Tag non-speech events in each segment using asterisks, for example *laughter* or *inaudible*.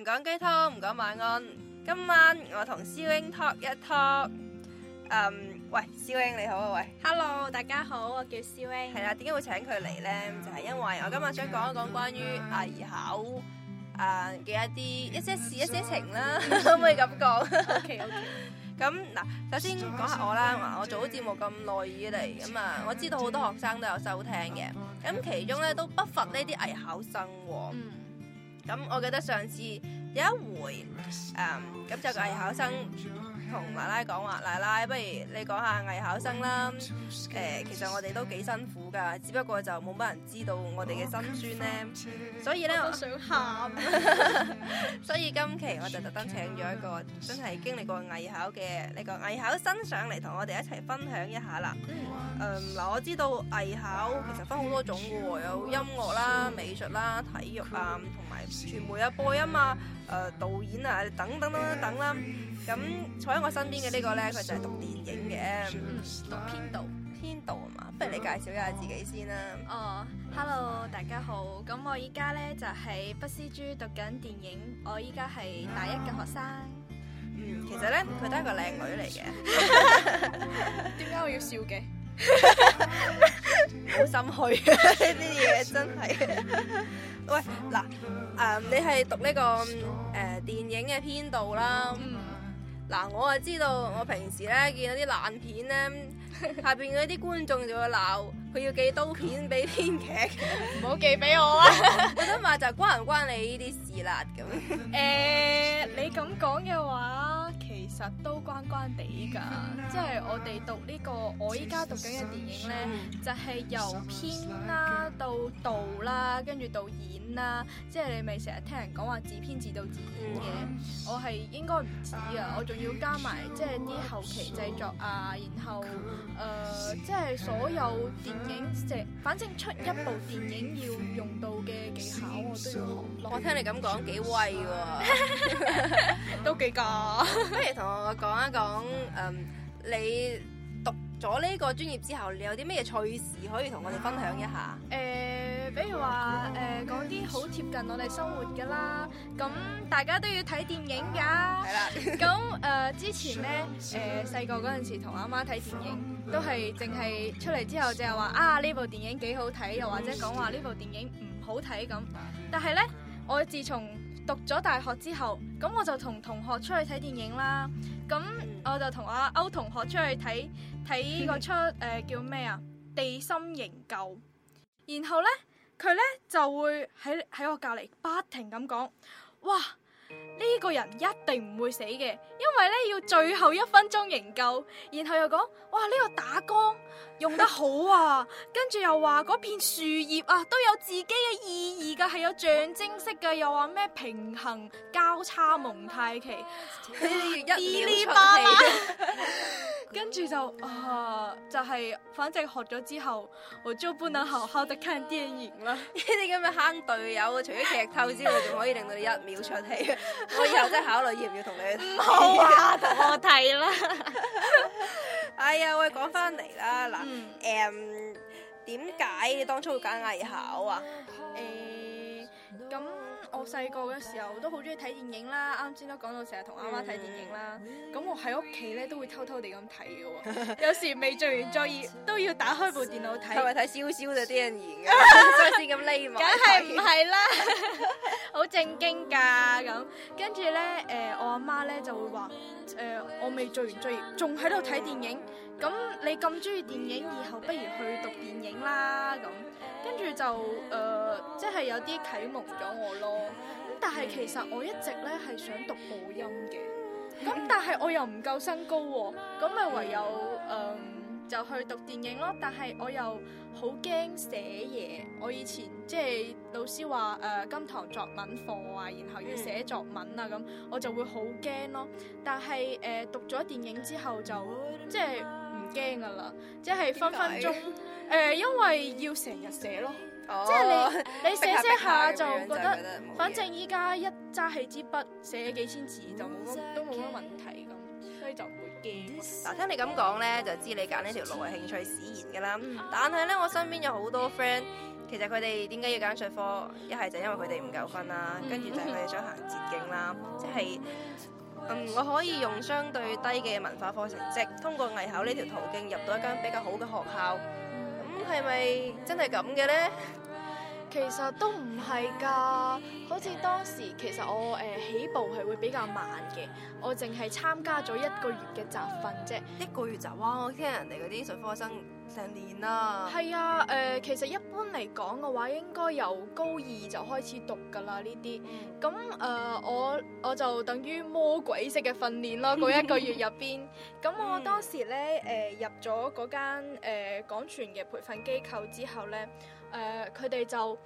唔講雞湯，唔講晚安。今晚我同 C Wingtalk 一 talk。嗯，喂，C Wing 你好啊，喂，Hello，大家好，我叫 C Wing。係啦，點解會請佢嚟咧？就係因為我今日想講一講關於藝考啊嘅一啲一些事、一些情啦，可唔可以咁講？OK OK。咁嗱，首先講下我啦。我做咗節目咁耐以嚟，咁啊，我知道好多學生都有收聽嘅。咁其中咧都不乏呢啲藝考生。咁我記得上次有一回，誒咁 Rest all、um, 就係藝考生。同奶奶講話，奶奶不如你講下藝考生啦。誒、呃，其實我哋都幾辛苦㗎，只不過就冇乜人知道我哋嘅辛酸呢。所以咧，我想喊。 *laughs* 所以今期我就特登請咗一個真係經歷過藝考嘅呢個藝考生上嚟，同我哋一齊分享一下啦。嗯。嗱、嗯呃，我知道藝考其實分好多種㗎喎，有音樂啦、美術啦、體育啊，同埋傳媒啊、播音啊、誒、呃、導演啊等等等等啦。等等。咁坐喺我身邊嘅呢個咧，佢就係讀電影嘅、嗯，讀編導，編導啊嘛，不如你介紹一下自己先啦。哦、oh,，hello，大家好。咁我依家咧就喺北師珠讀緊電影，我依家係大一嘅學生。嗯，其實咧佢都係個靚女嚟嘅。點 *laughs* 解我要笑嘅？好心虛呢啲嘢真係的。 *laughs* 喂，嗱，誒、呃，你係讀呢、這個誒、呃、電影嘅編導啦。嗯嗯嗯嗱，我就知道，我平時咧見到啲爛片咧，下邊嗰啲觀眾就會鬧，佢要寄刀片俾編劇，唔好寄俾我啊！我諗話就關唔關你呢啲事啦咁。誒你咁講嘅話。都關關哋㗎，即係我哋讀呢、這個，我依家讀緊嘅電影咧，就係、是、由編啦、啊、到導啦、啊，跟住到演啦、啊，即係你咪成日聽人講話自編自導自演嘅，我係應該唔止啊，我仲要加埋即係啲後期製作啊，然後誒、呃，即係所有電影即係反正出一部電影要用到嘅技巧我都要學。我聽你咁講幾威喎， *laughs* *laughs* 都幾㗎，跟住同。我講一講，嗯、um,，你讀咗呢個專業之後，你有啲咩趣事可以同我哋分享一下？誒、呃，比如話誒，講啲好貼近我哋生活噶啦，咁大家都要睇電影噶、啊。係啦， *laughs* 咁、呃、誒，之前咧，誒、呃，細個嗰陣時同阿媽睇電影，都係淨係出嚟，之後就係話啊，呢部電影幾好睇，又或者講話呢部電影唔好睇咁。但係咧，我自從讀咗大學之後，咁我就同同學出去睇電影啦。咁我就同阿歐同學出去睇睇嗰出誒、呃、叫咩啊？地心營救。然後呢，佢呢就會喺喺我隔籬不停咁講，哇！呢個人一定唔會死嘅，因為呢要最後一分鐘營救，然後又講，哇呢、呢個打光用得好啊， *laughs* 跟住又話嗰片樹葉啊都有自己嘅意義噶，係有象徵式噶，又話咩平衡交叉蒙太奇， *laughs* *laughs* 一了百了。跟住就啊，就係、是、反正學咗之後，我就不能好好地看電影啦。呢啲咁嘅坑隊友，除咗劇透之外，仲可以令到你一秒出戲。我 *laughs* 以，以後真係考慮要唔要同你冇啊，同 *laughs* 我睇啦。 *laughs* 哎呀，我講翻嚟啦，嗱、嗯，誒，點、嗯、解你當初會揀藝考啊？嗯我細個嘅時候都好中意睇電影啦，啱先都講到成日同阿媽睇電影啦，咁我喺屋企咧都會偷偷地咁睇嘅喎， *laughs* 有時未做完作業都要打開部電腦睇，係咪睇少少就啲人言嘅嫌㗎？先咁匿埋，梗係唔係啦。 *laughs* 正經㗎咁，跟住咧誒，我阿媽咧就會話誒、呃，我未做完作業，仲喺度睇電影。咁你咁中意電影，以後不如去讀電影啦咁。跟住就誒、呃，即係有啲啟蒙咗我咯。咁但係其實我一直咧係想讀播音嘅。咁 *laughs* 但係我又唔夠身高喎、哦，咁咪唯有誒。呃就去讀電影咯，但係我又好驚寫嘢。我以前即係老師話誒，今、呃、堂作文課啊，然後要寫作文啊，咁、嗯、我就會好驚咯。但係誒、呃、讀咗電影之後就即係唔驚噶啦，即係、啊、分分鐘誒、呃，因為要成日寫咯，哦、即係你你寫寫下就覺得，反正依家一揸起支筆寫幾千字就冇乜、嗯、都冇乜問題咁，所以就。嗱，聽你咁講咧，就知你揀呢條路係興趣使然噶啦。但係咧，我身邊有好多 friend，其實佢哋點解要揀術科？一係就因為佢哋唔夠分啦，跟住就係佢哋想行捷徑啦，即係，嗯，我可以用相對低嘅文化科成績，通過藝考呢條途徑入到一間比較好嘅學校，咁係咪真係咁嘅咧？其實都唔係㗎，哎、好似當時其實我誒、呃、起步係會比較慢嘅，我淨係參加咗一個月嘅集訓啫，一個月就哇！我聽人哋嗰啲術科生成年啦。係啊、嗯，誒、呃、其實一般嚟講嘅話，應該由高二就開始讀㗎啦呢啲。咁誒、呃、我我就等於魔鬼式嘅訓練啦，嗰一個月入邊。咁 *laughs* 我當時咧誒、呃、入咗嗰間誒講傳嘅培訓機構之後咧。誒，佢哋，uh，就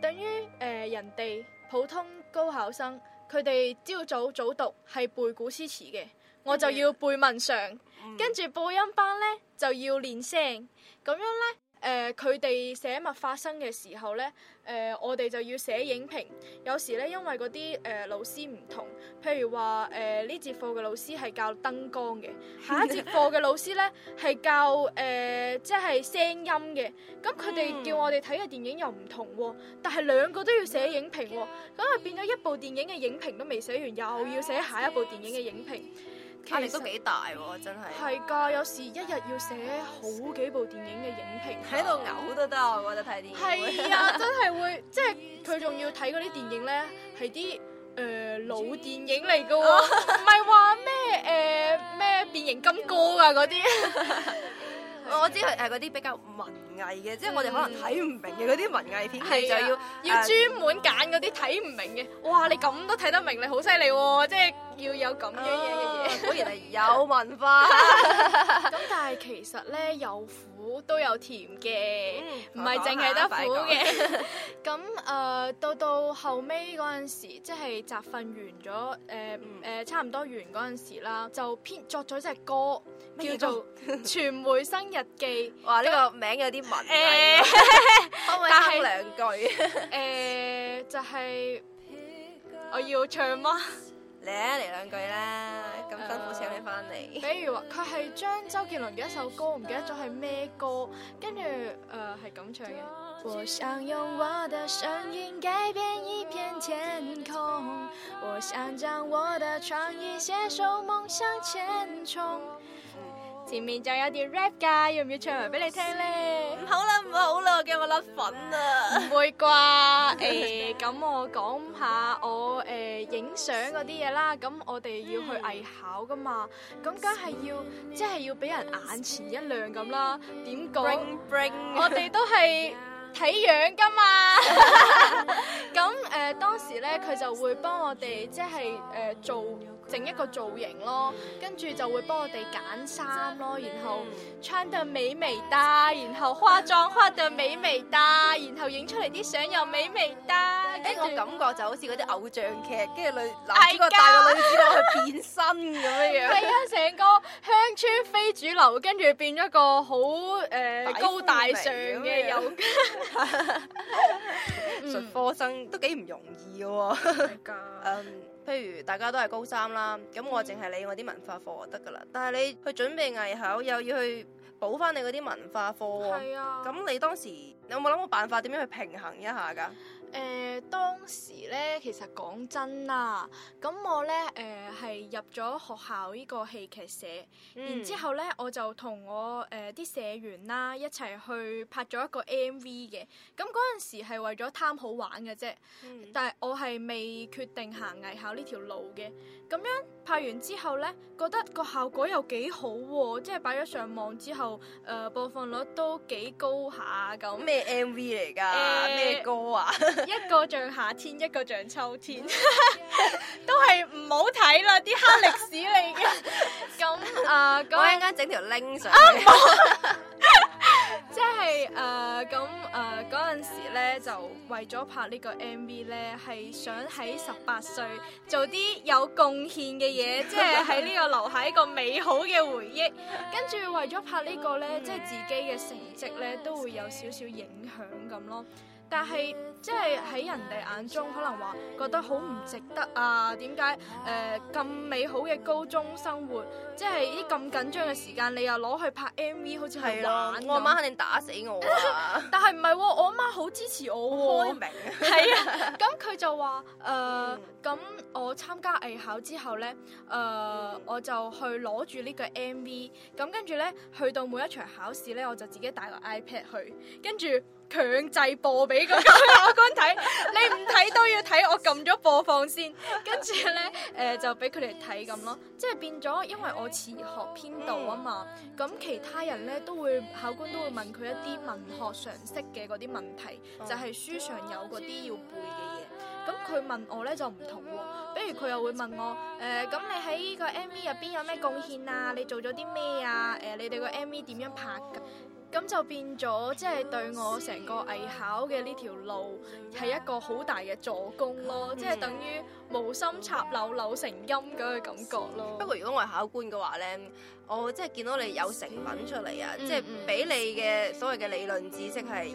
等於誒、呃，人哋普通高考生，佢哋朝早早讀係背古詩詞嘅，我就要背文常，嗯、跟住播音班呢，就要練聲，咁樣呢。誒，佢哋寫物發生嘅時候呢，誒、呃、我哋就要寫影評。有時呢，因為嗰啲誒老師唔同，譬如話誒呢節課嘅老師係教燈光嘅， *laughs* 下一節課嘅老師呢係教誒即係聲音嘅。咁佢哋叫我哋睇嘅電影又唔同喎、哦，但係兩個都要寫影評喎、哦，咁 Okay. 就變咗一部電影嘅影評都未寫完，又要寫下一部電影嘅影評。壓力都幾大喎，啊，真係係㗎，有時一日要寫好幾部電影嘅影評，喺度嘔都得，我覺得睇電影係啊，真係會， *laughs* 即係佢仲要睇嗰啲電影咧，係啲誒老電影嚟嘅喎，唔係話咩誒咩變形金剛啊嗰啲。 *laughs* 我知佢係啲比較文藝嘅，即係我哋可能睇唔明嘅啲文藝片，係就要要專門揀啲睇唔明嘅。哇！你咁都睇得明，你好犀利，即係要有咁嘅嘢嘅嘢，果然係有文化。咁但係其實咧有苦都有甜嘅，唔係淨係得苦嘅。咁誒到到後尾陣時即係集訓完咗，誒誒差唔多完陣時啦，就編作咗隻歌，叫做《傳媒生》。日記，哇呢就個名有啲文藝，可唔可以加兩句？誒，就係我要唱嗎？嚟 *laughs* 啊，嚟兩句啦，咁辛苦請你翻嚟、呃。比如話，佢係將周杰倫嘅一首歌，唔記得咗係咩歌，跟住誒係咁唱嘅。我我我我想想用我嘅聲音改變一片天空。我想將我嘅創意寫首夢向前衝。前面就有啲 rap 㗎，要唔要唱埋俾你聽咧？唔好啦，唔好啦，驚我甩粉啊！唔會啩？誒，咁我講下我誒影相嗰啲嘢啦。咁、欸、我哋要去藝考噶嘛？咁梗係要，即係、嗯、要俾人眼前一亮咁啦。點講？Bring, bring. 我哋都係。 *laughs* 睇樣㗎嘛， *laughs* *laughs* 咁、呃、誒當時咧佢就會幫我哋即係誒做整一個造型咯，跟住就會幫我哋揀衫咯，然後穿得美美哋，然後化妝化得美美哋，然後影出嚟啲相又美美哋，跟住我感覺就好似嗰啲偶像劇，跟住女男主角帶個女主角去變身咁樣樣。係啊，成個鄉村非主流，跟住變咗個好誒、呃、森高大上嘅有。.術 *laughs* 科生都幾唔容易嘅、哦，嗯、 *laughs* um,，譬如大家都係高三啦，咁我淨係理我啲文化課就得噶啦。但係你去準備藝考，又要去補翻你嗰啲文化課，係啊。咁你當時你有冇諗過辦法，點樣去平衡一下噶？誒、呃、當時咧，其實講真啦，咁我咧誒係入咗學校呢個戲劇社，嗯、然之後咧我就同我誒啲、呃、社員啦一齊去拍咗一個 MV 嘅。咁嗰陣時係為咗貪好玩嘅啫，嗯、但係我係未決定行藝校呢條路嘅。咁樣拍完之後咧，覺得個效果又幾好喎、啊，即係擺咗上網之後，誒、呃、播放率都幾高下咁。咩 MV 嚟㗎？咩、呃、歌啊？ *laughs* 一個像夏天，一個像秋天， *laughs* 都係唔好睇啦！啲黑歷史嚟嘅。咁啊，嗰陣間整條鈴上，即係誒咁誒，嗰陣時咧，就為咗拍呢個 MV 咧，係想喺十八歲做啲有貢獻嘅嘢，即係喺呢個留下一個美好嘅回憶。 *laughs* 跟住為咗拍呢個咧，即係自己嘅成績咧，都會有少少影響咁咯。但係即係喺人哋眼中，可能話覺得好唔值得啊？點解誒咁美好嘅高中生活，即係啲咁緊張嘅時間，你又攞去拍 MV 好似係玩？我阿媽肯定打死我 *laughs* 但係唔係我好支持我喎，係、呃、啊！咁佢就話誒咁我參加藝考之後咧，誒、呃、我就去攞住呢個 M V，咁跟住咧去到每一場考試咧，我就自己帶個 iPad 去，跟住強制播俾個考官睇， *laughs* *laughs* 你唔睇都要睇，我撳咗播放先，跟住咧誒就俾佢哋睇咁咯，即係變咗，因為我遲學編導啊嘛，咁其他人咧都會考官都會問佢一啲文學常識嘅啲問題。係就係書上有嗰啲要背嘅嘢，咁佢問我咧就唔同，比如佢又會問我誒，咁你喺個 MV 入邊有咩貢獻啊？你做咗啲咩啊？誒，你哋個 MV 點樣拍噶？咁就變咗即係對我成個藝考嘅呢條路係一個好大嘅助攻咯，即係等於無心插柳柳成蔭咁嘅感覺咯。不過如果我係考官嘅話咧，我即係見到你有成品出嚟啊，即係俾你嘅所謂嘅理論知識係。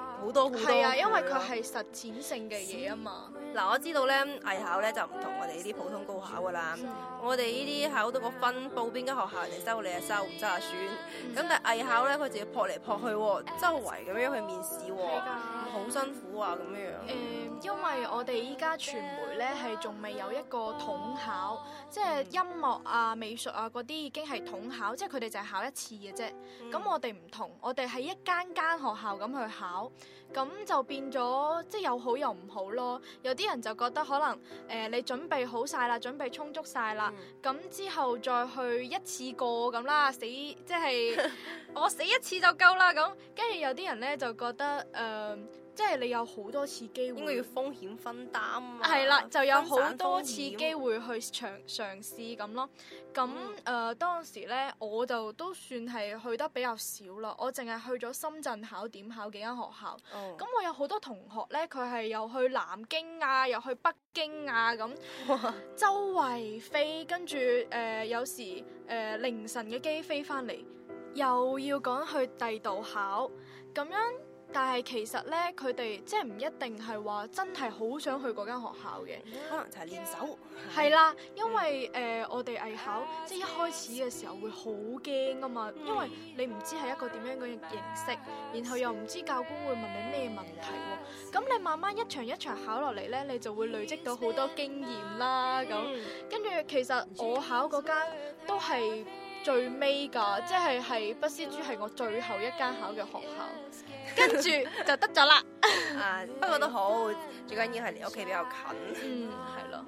好多係啊，因為佢係實踐性嘅嘢啊嘛。嗱，我知道咧藝考咧就唔同我哋呢啲普通高考噶啦。我哋呢啲考到個分，報邊間學校嚟收你啊收，唔收啊選。咁但係藝考咧，佢就要撲嚟撲去，周圍咁樣去面試喎，好辛苦啊咁樣。誒，因為我哋依家傳媒咧係仲未有一個統考，即係音樂啊、美術啊嗰啲已經係統考，即係佢哋淨係考一次嘅啫。咁我哋唔同，我哋係一間間學校咁去考。咁就變咗，即係又好又唔好咯。有啲人就覺得可能，誒、呃，你準備好晒啦，準備充足晒啦，咁、嗯、之後再去一次過咁啦，死即係、就是、 *laughs* 我死一次就夠啦咁。跟住有啲人咧就覺得，誒、呃。即係你有好多次機會，應該要風險分擔啊！係啦，就有好多次機會去嘗嘗試咁咯。咁誒、嗯呃、當時呢，我就都算係去得比較少啦。我淨係去咗深圳考點考幾間學校。哦、嗯。咁我有好多同學呢，佢係又去南京啊，又去北京啊咁，周圍飛，跟住誒、呃、有時誒、呃、凌晨嘅機飛返嚟，又要趕去第二度考，咁樣。但係其實咧，佢哋即係唔一定係話真係好想去嗰間學校嘅，可能就係練手。係 *laughs* 啦，因為誒、呃、我哋藝考即係一開始嘅時候會好驚噶嘛，嗯、因為你唔知係一個點樣嘅形式，然後又唔知教官會問你咩問題喎。咁你慢慢一場一場考落嚟咧，你就會累積到好多經驗啦。咁跟住其實我考嗰間都係。最尾噶，即係係北師珠係我最後一間考嘅學校， *laughs* 跟住就得咗啦。不過都好， *laughs* 最緊要係離屋企比較近。嗯，係囉。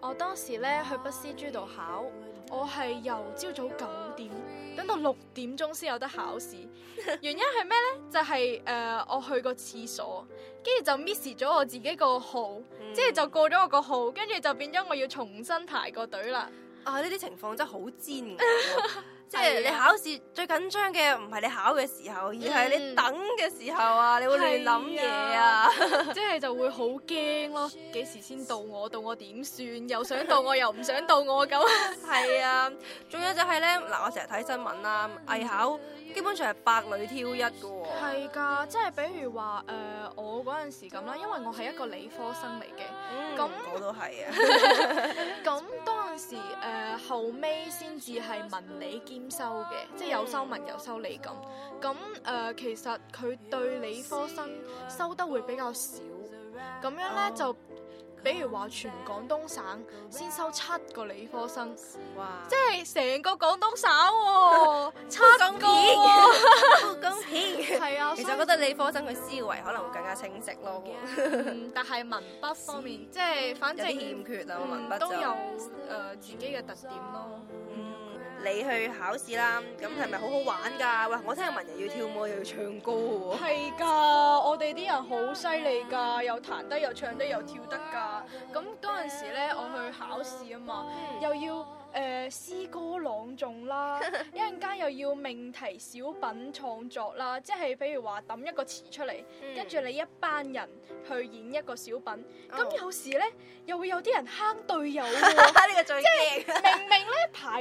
我當時咧去北師珠度考，我係由朝早九點等到六點鐘先有得考試。 *laughs* 原因係咩呢？就係、是、誒、呃，我去個廁所，跟住就 miss 咗我自己個號，即係、嗯、就過咗我個號，跟住就變咗我要重新,重新排個隊啦。啊！呢啲情況真係好尖。 *laughs* 即係你考試最緊張嘅唔係你考嘅時候，而係你等嘅時候啊！嗯、你會亂諗嘢啊，啊 *laughs* 即係就會好驚咯。幾時先到我？到我點算？又想到我又唔想到我咁。係 *laughs* 啊，仲有就係咧嗱，我成日睇新聞啦、啊，藝考基本上係百女挑一嘅喎、哦。係㗎，即係比如話誒、呃，我嗰陣時咁啦，因為我係一個理科生嚟嘅，咁、嗯、那我都係啊。咁 *laughs* 當時誒、呃、後尾先至係文理兼、嗯、修嘅，即係有收文，有修理咁。咁誒、呃，其實佢對理科生收得會比較少。咁樣咧就，比如話全廣東省先收七個理科生，哇即係成個廣東省、哦，差咁多。咁係啊，其實我覺得理科生嘅思維可能會更加清晰咯、嗯。但係文筆方面，即係、嗯、反正欠缺啊，文筆都有誒、呃、自己嘅特點咯。你去考試啦，咁係咪好好玩噶？喂，我聽聞又要跳舞又要唱歌喎。係噶， *laughs* 我哋啲人好犀利噶，又彈得又唱得又跳得噶。咁嗰陣時咧，我去考試啊嘛，又要誒、呃、詩歌朗誦啦，一陣間又要命題小品創作啦，即係譬如話揼一個詞出嚟，跟住、嗯、你一班人去演一個小品。咁有時咧，oh. 又會有啲人坑隊友喎。 *laughs* 最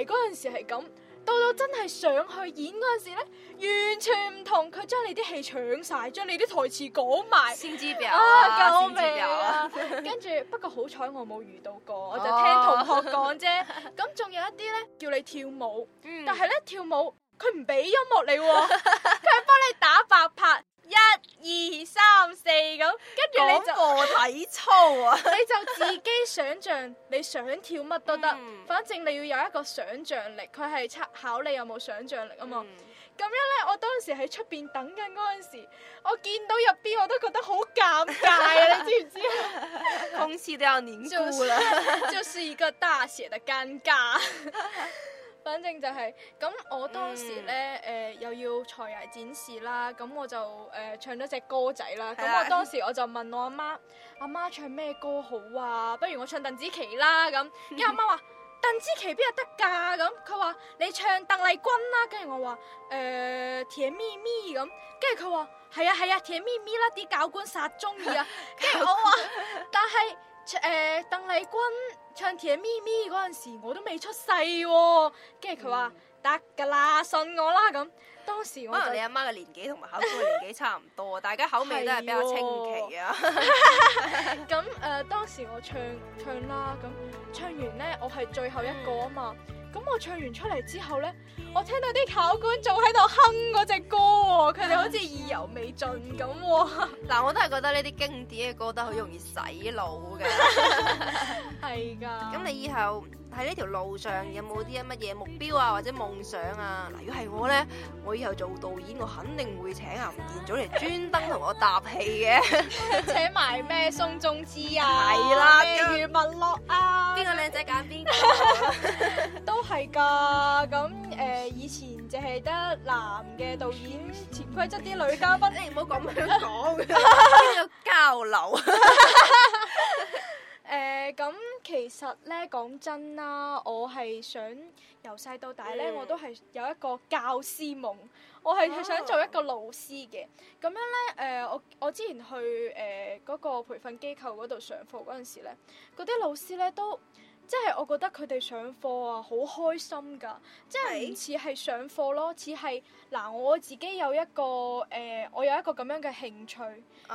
嗰陣時係咁，到到真係上去演嗰陣時咧，完全唔同。佢將你啲戲搶晒，將你啲台詞講埋，先知噶，夠先知噶。跟住，不過好彩我冇遇到過，我就聽同學講啫。咁仲、哦、有一啲呢，叫你跳舞，嗯、但係呢，跳舞佢唔俾音樂你喎、啊，佢係 *laughs* 幫你打白拍。一二三四咁，跟住你就體操啊！ *laughs* 你就自己想象你想跳乜都得，嗯、反正你要有一個想象力，佢係測考你有冇想象力啊嘛。咁、嗯、樣呢，我當時喺出邊等緊嗰陣時，我見到入邊我都覺得好尷尬啊！ *laughs* 你知唔知？空氣都要凝固了、 *laughs* 就是，就是一個大寫的尷尬。 *laughs* 反正就係咁，我當時咧誒又要才藝展示啦，咁我就誒唱咗隻歌仔啦。咁我當時我就問我阿媽，阿媽唱咩歌好啊？不如我唱鄧紫棋啦咁。跟阿媽話鄧紫棋邊度得㗎？咁佢話你唱鄧麗君啦。跟住我話誒甜咪咪咁。跟住佢話係啊係啊，甜咪咪啦，啲教官殺中意啊。跟住我話但係誒鄧麗君。唱《甜咪咪》嗰陣時，我都未出世喎、啊。跟住佢話得㗎啦，嗯、信我啦咁。當時我同你阿媽嘅年紀同埋口味嘅年紀差唔多 *laughs* 大家口味都係比較清奇啊。咁誒、呃，當時我唱唱啦，咁唱完咧，我係最後一個啊嘛。嗯咁我唱完出嚟之後咧，我聽到啲考官仲喺度哼嗰隻歌喎、哦，佢哋好似意猶未盡咁喎、哦。嗱，我都係覺得呢啲經典嘅歌都好容易洗腦嘅，係噶 *laughs* 的。咁你以後喺呢條路上有冇啲乜嘢目標啊或者夢想啊？嗱，如果係我咧，我以後做導演，我肯定會請阿吳彥祖嚟專登同我搭戲嘅， *laughs* 請埋咩宋仲基啊，係啦 *laughs* 的，余文樂啊，邊個靚仔揀邊個？ *laughs* *laughs* 係噶，咁誒、呃、以前淨係得男嘅導演，潛規則啲女嘉賓，你唔好咁樣講交流。誒，咁其實咧講真啦，我係想由細到大咧，Yeah. 我都係有一個教師夢，我係想做一個老師嘅。咁、oh. 樣咧，誒、呃、我我之前去誒嗰、呃那個培訓機構嗰度上課嗰陣時咧，嗰啲老師咧都。即係我覺得佢哋上課啊，好開心噶！即係唔似係上課咯，似係嗱我自己有一個誒、呃，我有一個咁樣嘅興趣，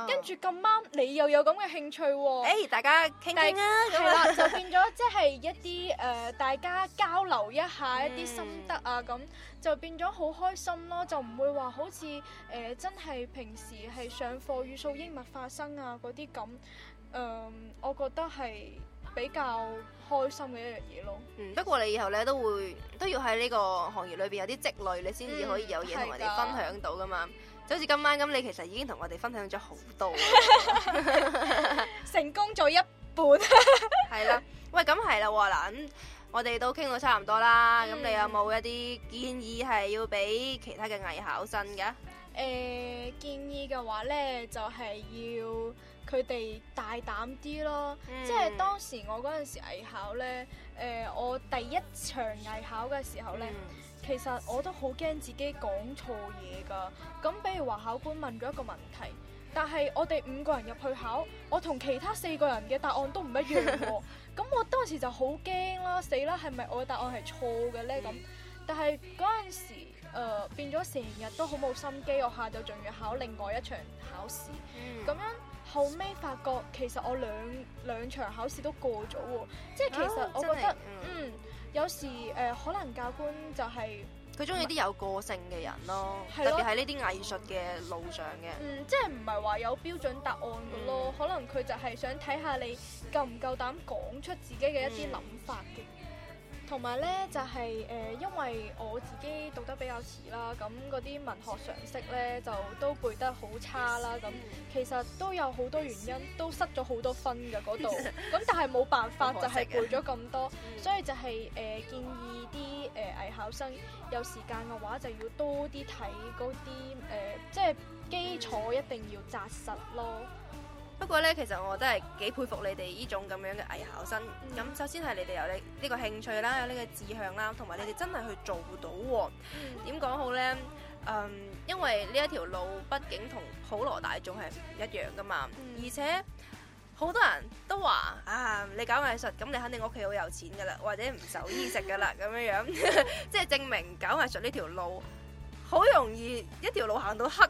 跟住咁啱你又有咁嘅興趣，啊，誒、欸、大家傾傾啊咁啦是， *laughs* 就變咗即係一啲誒、呃，大家交流一下一啲心得啊，咁、嗯、就變咗好開心咯，就唔會話好似誒、呃、真係平時係上課語數英文化生啊嗰啲咁，我覺得係。比較開心嘅一樣嘢咯。嗯，不過你以後咧都會都要喺呢個行業裏邊有啲積累，你先至可以有嘢同人哋分享到噶嘛。嗯、就好似今晚咁，你其實已經同我哋分享咗好多，成功咗一半。係 *laughs* 啦，喂，咁係啦，嗱咁、啊、我哋都傾到差唔多啦。咁、嗯、你有冇一啲建議係要俾其他嘅藝考生噶？誒、呃，建議嘅話咧，就係、是、要。佢哋大膽啲咯，嗯、即係當時我嗰陣時藝考呢，誒、呃，我第一場藝考嘅時候呢，嗯、其實我都好驚自己講錯嘢㗎。咁比如話考官問咗一個問題，但係我哋五個人入去考，我同其他四個人嘅答案都唔一樣喎、哦。咁 *laughs* 我當時就好驚啦，死啦，係咪我嘅答案係錯嘅呢？咁、嗯，但係嗰陣時誒、呃、變咗成日都好冇心機，我下晝仲要考另外一場考試，咁、嗯、樣。後尾發覺其實我兩兩場考試都過咗喎，即係其實我覺得，oh, 嗯，有時誒、呃、可能教官就係佢中意啲有個性嘅人咯，是特別係呢啲藝術嘅路上嘅，嗯，即係唔係話有標準答案嘅咯，嗯、可能佢就係想睇下你夠唔夠膽講出自己嘅一啲諗法嘅。同埋咧就係、是、誒、呃，因為我自己讀得比較遲啦，咁嗰啲文學常識咧就都背得好差啦，咁其實都有好多原因都失咗好多分嘅嗰度，咁 *laughs* 但係冇辦法就係背咗咁多，嗯、所以就係、是、誒、呃、建議啲誒藝考生有時間嘅話就要多啲睇嗰啲誒，即、呃、係、就是、基礎一定要扎實咯。嗯。不過咧，其實我真係幾佩服你哋呢種咁樣嘅藝考生。咁首先係你哋有你呢個興趣啦，有呢個志向啦，同埋你哋真係去做到喎、喔。點講、嗯、好咧？嗯，因為呢一條路畢竟同普羅大眾係唔一樣噶嘛，嗯、而且好多人都話啊，你搞藝術咁，你肯定屋企好有錢噶啦，或者唔受衣食噶啦咁樣樣， *laughs* 即係證明搞藝術呢條路。好容易一條路行到黑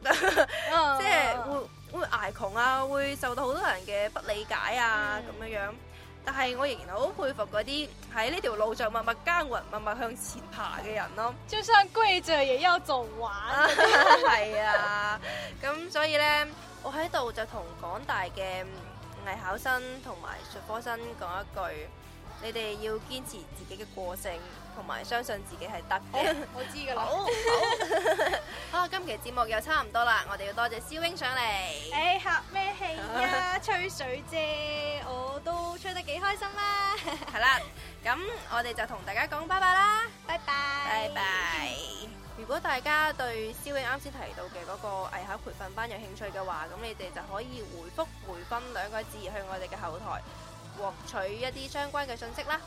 啊！ *laughs* 即係會會捱窮啊，會受到好多人嘅不理解啊咁樣樣。但係我仍然好佩服嗰啲喺呢條路上默默耕耘、默默向前爬嘅人咯。就算跪著也要走完，係 *laughs* *laughs* *laughs* 啊！咁所以呢，我喺度就同廣大嘅藝考生同埋術科生講一句：你哋要堅持自己嘅個性。同埋相信自己係得嘅，我知噶啦。好，好，啊，今期節目又差唔多啦，我哋要多謝燒影上嚟。誒，吓咩戲啊？吹水啫，我都吹得幾開心啦。係啦，咁我哋就同大家講拜拜啦，拜拜，拜拜。如果大家對燒影啱先提到嘅嗰個藝考培訓班有興趣嘅話，咁你哋就可以回復回奔兩個字去我哋嘅後台，獲取一啲相關嘅信息啦。